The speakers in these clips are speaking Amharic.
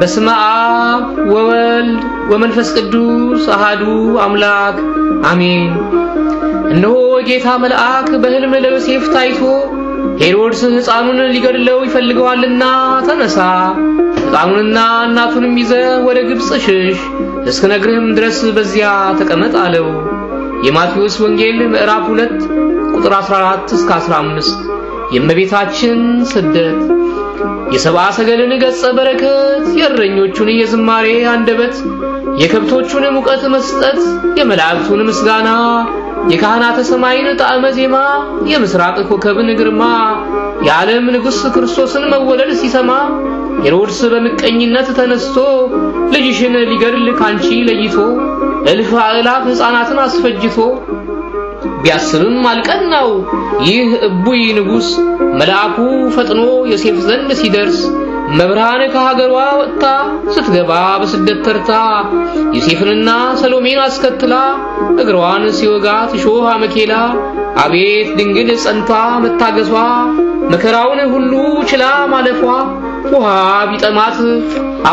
በስመ አብ ወወልድ ወመንፈስ ቅዱስ አሃዱ አምላክ አሜን። እነሆ ጌታ መልአክ በሕልም ለዮሴፍ ታይቶ ሄሮድስ ሕፃኑን ሊገድለው ይፈልገዋልና ተነሳ፣ ሕፃኑንና እናቱንም ይዘ ወደ ግብፅ ሽሽ፣ እስክነግርህም ድረስ በዚያ ተቀመጥ አለው። የማቴዎስ ወንጌል ምዕራፍ 2 ቁጥር 14 እስከ 15 የእመቤታችን ስደት የሰብአ ሰገልን ገጸ በረከት የእረኞቹን የዝማሬ አንደበት የከብቶቹን ሙቀት መስጠት የመላእክቱን ምስጋና የካህናተ ሰማይን ጣዕመ ዜማ የምስራቅ ኮከብን ግርማ የዓለም ንጉሥ ክርስቶስን መወለድ ሲሰማ ሄሮድስ በምቀኝነት ተነስቶ ልጅሽን ሊገድል ካንቺ ለይቶ እልፍ አእላፍ ሕፃናትን አስፈጅቶ ቢያስብም አልቀናው። ይህ እቡይ ንጉሥ መልአኩ ፈጥኖ ዮሴፍ ዘንድ ሲደርስ መብርሃን ከሀገሯ ወጥታ ስትገባ በስደት ተርታ ዮሴፍንና ሰሎሜን አስከትላ እግሯን ሲወጋት እሾህ አመኬላ አቤት ድንግል ጸንታ መታገሷ መከራውን ሁሉ ችላ ማለፏ ውሃ ቢጠማት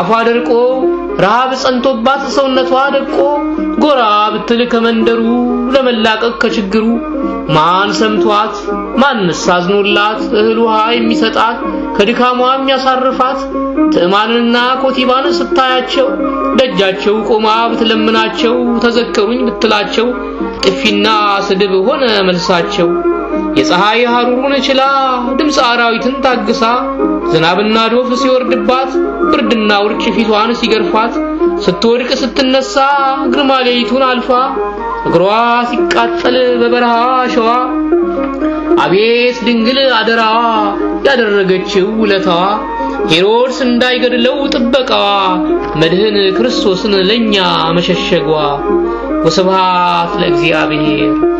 አፏ ደርቆ ረሃብ ጸንቶባት ሰውነቷ ደቆ ጎራ ብትል ከመንደሩ ለመላቀቅ ከችግሩ ማን ሰምቷት ማንስ አዝኖላት እህል ውሃ የሚሰጣት ከድካሟ የሚያሳርፋት ትዕማንና ኮቲባን ስታያቸው ደጃቸው ቆማ ብትለምናቸው ተዘከሩኝ ብትላቸው ጥፊና ስድብ ሆነ መልሳቸው። የፀሐይ ሐሩሩን ችላ ድምፅ አራዊትን ታግሳ ዝናብና ዶፍ ሲወርድባት ብርድና ውርጭ ፊቷን ሲገርፋት ስትወድቅ ስትነሳ ግርማ ሌሊቱን አልፋ እግሯ ሲቃጠል በበረሃ አሸዋ አቤት ድንግል አደራዋ ያደረገችው ውለታዋ ሄሮድስ እንዳይገድለው ጥበቃዋ መድህን ክርስቶስን ለኛ መሸሸጓ ወስብሃት ለእግዚአብሔር